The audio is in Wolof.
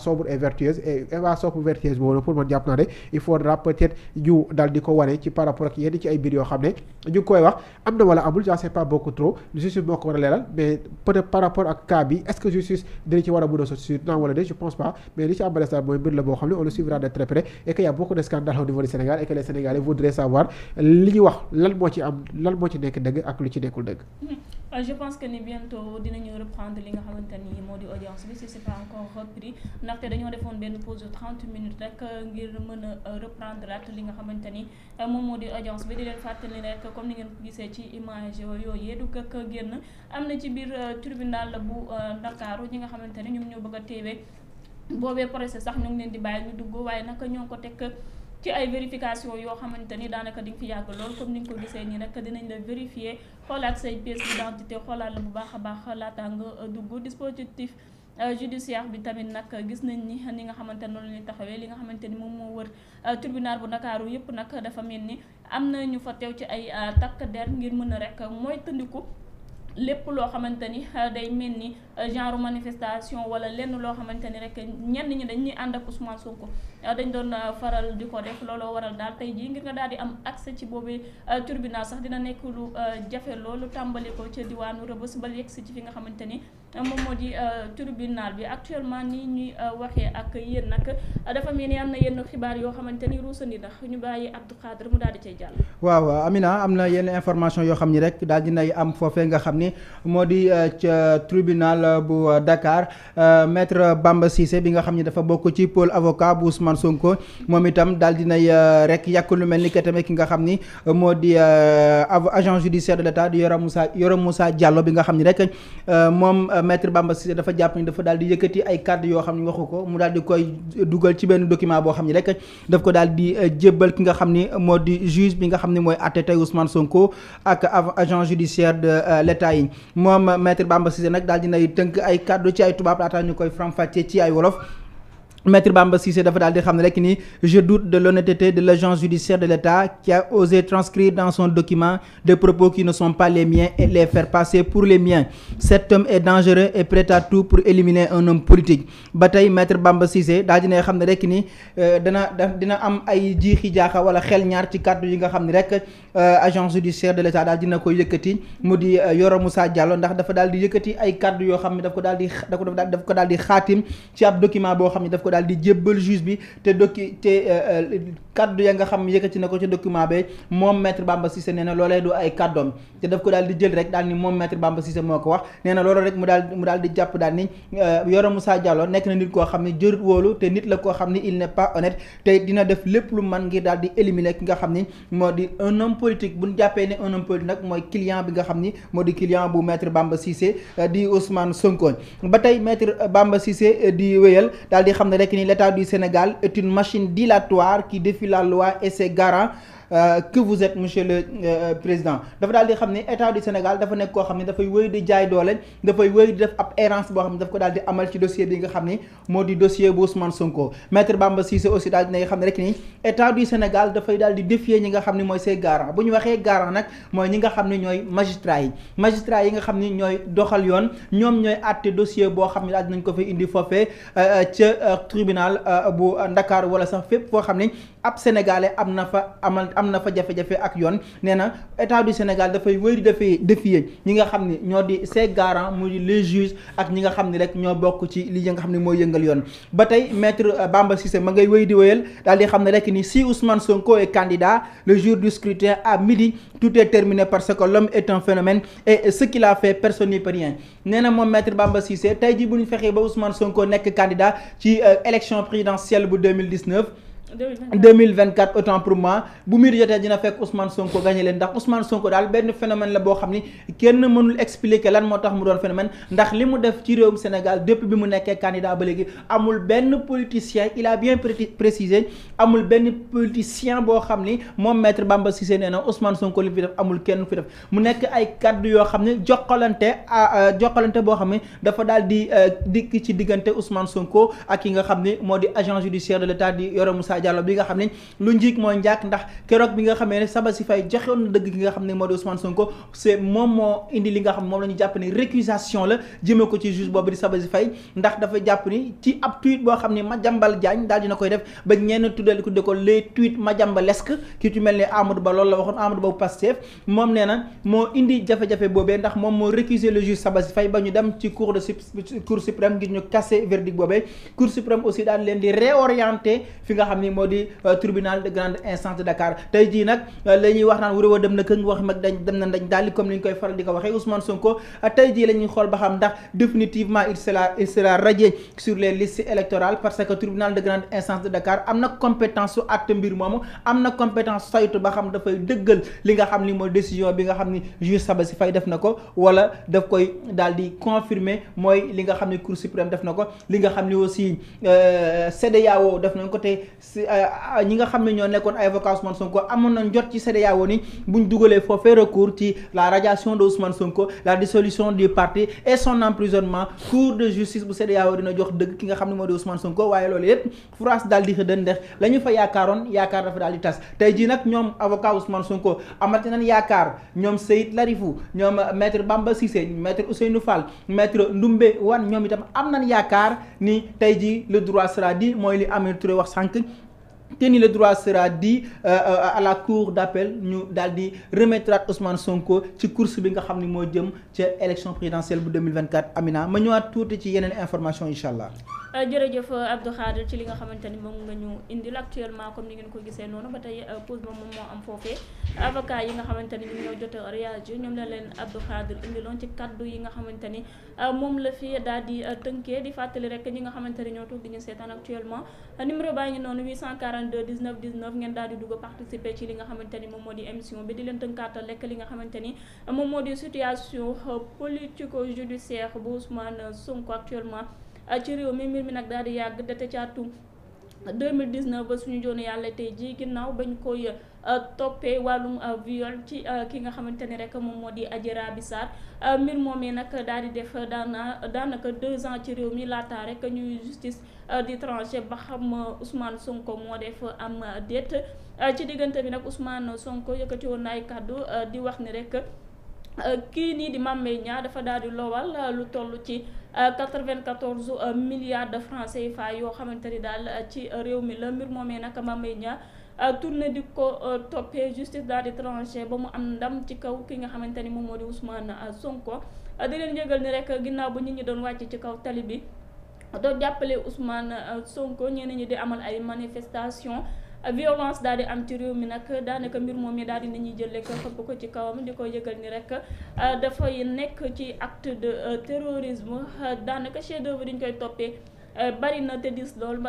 sobre et vertueuse et Eva sobre vertueuse boobu pour man jàpp naa ne il faudra peut ñu dal di ko wane ci par rapport ak yenn ci ay mbir yoo xam ne ñu ngi koy wax am na wala amul j'en pas beaucoup trop justice moo ko war a leeral mais peut-être par rapport ak cas bi est que justice dina ci war a mën a sotti non wala déet je pense pas mais li ci am daal mooy mbir la boo xam ne on le suivra de très près et que y a beaucoup de scandales au ci am lan moo ci nekk dëgg ak lu ci nekkul dëgg hmm. Euh, je pense que ni bientôt dinañu reprendre li nga xamante ni moo di audience bi si c'est pas encore repris ndaxte dañoo defoon benn pause de 30 minutes rek euh, ngir mën a euh, reprendre at li nga xamante ni moom moo di audience bi di leen fàttali rek comme ni ngeen ko gisee ci image yooyu du këkk génn am na ci biir tribunal bu Ndakaaru ñi nga xamante ni ñu ñoo bëgg a teewee boobee procès sax ñu ngi leen di bàyyi ñu dugg waaye naka ñoo ko teg. ci ay vérification yoo xamante ni daanaka di fi yàgg lool comme ni nga ko gisee nii nag dinañ la vérifier xoolaat say pièces d'identité xoolaat la bu baax a baax laata nga euh, dugg dispositif euh, judiciaire bi tamit nag gis nañ ni ni nga xamante noonu la taxawee li nga xamante ni moom moo wër euh, tribunal bu Ndakaaru yëpp nag dafa mel ni am na ñu fa teew ci ay takk der ngir mën a rek mooy tëndiku lépp loo xamante ni day mel ni genre manifestation wala lenn loo xamante ni rek ñenn ñi dañuy ànd ak Ousmane Sonko Euh, dañ doon euh, faral di ko def looloo waral daal tey jii ngir nga daal di am accès ci boobu euh, tribunal sax dina nekk lu jafe loolu tàmbali ko ca diwaanu Rebeuss ba yegsi ci fi nga xamante ni moom moo di tribunal bi actuellement nii ñuy waxee ak yéen nag dafa mel am na yenn xibaar yoo xamante ni ruusandi ndax ñu bàyyi Abdou Khadre mu daal di cay jàll. waaw Amina am na yenn information yoo xam ni rek daal dinay am foofe nga xam ni moo di ca tribunal bu Dakar maître Bamba Cissé bi nga xam ni dafa bokk ci pôle avocat Ousmane Sonko moom itam daal dinay euh, rek yàkk lu mel ni que tamit ki nga xam ni euh, moo di euh, agent judiciaire de l'État di Yoro Moussa Yoro Moussa Diallo bi nga xam ni rek moom metre Bamba Cissé dafa jàpp ni dafa daal di yëkkati ay kàddu yoo xam ni waxu ko mu daal di koy dugal ci benn document boo xam ni rek daf ko daal di jébbal ki xam ni moo di juge bi nga xam ni mooy àtte tey Sonko ak agent judiciaire de l'État yi moom metre Bamba Cissé nag daal dinay tënk ay kaddu ci ay tubaab laata ñu koy faram ci ay wolof Maître Bamba Cissé dafa daal di xam ne rek ni je doute de l'honnêteté de l'agence judiciaire de l'État qui a osé transcrire dans son document des propos qui ne sont pas les miens et les faire passer pour les miens cet homme est dangereux et prêt à tout pour éliminer un homme politique ba tey Maître Bamba Cissé daal di ne xam ne rek nii euh, dana dina am ay jiixi jaaxa wala xel ñaar ci kàddu yi nga xam ne rek euh, agence judiciaire de l'État daal dina ko yëkkati mu di euh, Yoro Moussa Diallo ndax dafa daal di yëkkati ay kàddu yoo xam ne daf ko daal di daf ko daal di xaatim ci ab boo xam ne ko daal di jébbal juge bi te doki te euh, euh, kaddu ya nga xam yëkkati na ko ci document bi moom maître Bamba Cissé nee na loolee ay kaddoom te daf ko daal di jël rek daal ni moom maître Bamba Cissé moo ko wax nee na loolu rek mu daal di jàpp daal ni euh, Yoro Moussa Diallo nekk na nit koo xam ne jërut wóolu te nit la koo xam ni il n'est pas honnête te dina def lépp lu man ngir daal di éliminer ki nga xam ni moo di un homme politique bu ñu jàppee ne un homme politique nag mooy client bi nga xam ni moo di bu maître Bamba ba tey maître Bamba Cissé di wéyal rek ni l'État du Sénégal est machine dilatoire qui défie la loi et Euh, que vous êtes monsieur le euh, président dafa daal di xam ne état du Sénégal dafa nekk koo xam ne dafay wéy di jaay doole dafay wéy di def ab errance boo xam ne daf ko daal di amal ci dossier bi nga xam ne moo di dossier bu Ousmane Sonko maître Bamba Cissé aussi daal dina xam ne rek ni état du Sénégal dafay daal di défier ñi nga xam ne mooy ses garants bu ñu waxee garant nag mooy ñi nga xam ne ñooy magistrat yi magistrat yi nga xam ne ñooy doxal yoon ñoom ñooy àtte dossier boo xam ne daal dinañ ko fa indi foofee euh, ca tribunal bu Ndakaaru wala sax fépp foo xam ne ab sénégalais am na fa amal am na fa jafe-jafe ak yoon nee na état du Sénégal dafay wëri dafay défier ñi nga xam ne ñoo di ses garants muy le juges ak ñi nga xam ne rek ñoo bokk ci li nga xam ne mooy yëngal yoon ba tey maître euh, Bamba Cissé ma ngay wëy di wëyal daal di xam ne rek ni si Ousmane Sonko est candidat le jour du scrutin à midi tout est terminé parce que l'homme est un phénomène et ce qu'il personne n'y peut rien moom maître Bamba Cissé tey jii bu ñu fexee ba Ousmane Sonko nekk candidat ci euh, élection présidentielle bu 2019 2024 autant pour moi bu mbir jotee dina fekk Ousmane Sonko gagné leen ndax Ousmane Sonko daal benn phénomène la boo xam ni kenn mënul expliquer lan moo tax mu doon phénomène ndax li mu def ci réewum Sénégal depuis bi mu nekkee candidat ba léegi amul benn politicien il bien bien précisé amul benn politicien boo xam ni moom maître Bamba Cissé nee na Ousmane Sonko li fi def amul kenn fi def mu nekk ay kaddu yoo xam ne jokkalante jokkalante boo xam ne dafa daal di euh, dikk ci diggante Ousmane Sonko ak ki nga xam ne moo di agent judiciaire de l'État di Yoro Moussa Moussa Diallo bi nga xam ne lu njiig mooy njaak ndax keroog bi nga xamee ne saba si fay joxewoon na dëgg gi nga xam ne moo di Ousmane Sonko c'est moom moo indi li nga xam moom la jàpp ne récusation la jëmee ko ci juge boobu ndax dafa jàpp ni ci ab tweet na moo indi boobee ndax moom moo récuser le juge saba si fay ba ñu dem ci cour de cour ñu casser verdict boobee cour suprême aussi daal leen di réorienter fi nga xam ne ni moo di euh, tribunal de grande instance de Dakar tey nag euh, la wax naan wuré dem na këng wax mag dañ dem na dañ daal comme ni koy faral di ko waxee Ousmane Sonko euh, tey jii la xool ba xam ndax définitivement il sera il sera sur les listes électorales parce que tribunal de grande instance de Dakar am na compétence su àtte mbir moomu am na compétence saytu ba xam dafay dëggal li nga xam ni mooy décision bi nga xam ni juge Sabassy Faye def li nga xam ni cour def na ko si euh, euh, ñi nga xam ne ñoo nekkoon ay avocats Ousmane Sonko amoon nañ jot ci CEDEAO ni buñ dugalee foofee recours ci la radiation de Ousmane Sonko la dissolution du parti et son emprisonnement cour de justice bu CEDEAO dina jox dëgg ki nga xam ne moo di Ousmane Sonko waaye loolu yëpp France daal di xëdën ndex la ñu fa yaakaaroon yaakaar dafa daal di tas tey jii nag ñoom avocat Ousmane Sonko amati nañ yaakaar ñoom Seyid Larifou ñoom maître Bamba Cissé maître Ousseynou Fall maître Ndoumbe Wane ñoom itam am nañ yaakaar ni tey jii le droit sera dit mooy li Aminata wax sànq tenu le droit sera dit euh, euh, à la cour d'appel ñu daal di remettre Sonko ci course bi nga xam ni moo jëm ca élection présidentielle bu 2024 Amina ma ñëwaat tuuti ci yeneen information incha allah. Euh, jërëjëf Abdou Khadir ci li nga xamante ni moom nga ñu indil actuellement comme ni ngeen ko gisee noonu ba tey pause ba moom moo am foofee avocat yi nga xamante ni ñoo jot a réagir ñoom la leen Abdou Khadir indiloon ci kaddu yi nga xamante ni moom la fi daal di tënkee di fàttali rek ñi nga xamante ni ñoo toog di ñu seetaan actuellement numéro 42 19 19 ngeen daal di dugg participer ci li nga xamante ni moom moo di émission bi di leen tënkaatal lekk li nga xamante ni moom moo di situation politico judiciaire bu Ousmane Sonko actuellement ah, ci réew mi mbir mi nag daal di yàgg date caatum 2019 ba suñu joonu yàlla tey jii ginnaaw bañ koy euh, toppee wàllum euh, viol ci euh, ki nga xamante ni rek moom moo di Adji Raby Sarr mbir moomee nag daal di def daana daanaka deux ans ci réew mi laata rekk ñuy justice di tranché ba xam Ousmane Sonko moo def am déet ci diggante bi nag Ousmane Sonko yëkkati woon na ay kàddu di wax ni rek kii nii di Mame ñaar dafa daal di lowal lu toll ci 94 euh, milliards de francs CFA yoo xamante ni daal euh, ci euh, réew mi la mbir moomee nag Mame Mbaye Niang tourné di ko toppee justice daal di tranché ba mu am ndam ci kaw ki nga xamante ni moom moo di Ousmane Sonko di leen yëgal ni rek ginnaaw ba ñu ñi doon wàcc ci kaw tali bi doon jàppale Ousmane Sonko ñeneen ñi di amal ay manifestation violence daal di am ci réew mi nag daanaka mbir moom mi daal di nañuy jël rek xëpp ko ci kawam di ko yëgal ni rek euh, dafay nekk ci acte de euh, terrorisme euh, daanaka chef d'oeuvre diñ koy toppee bari te diis lool.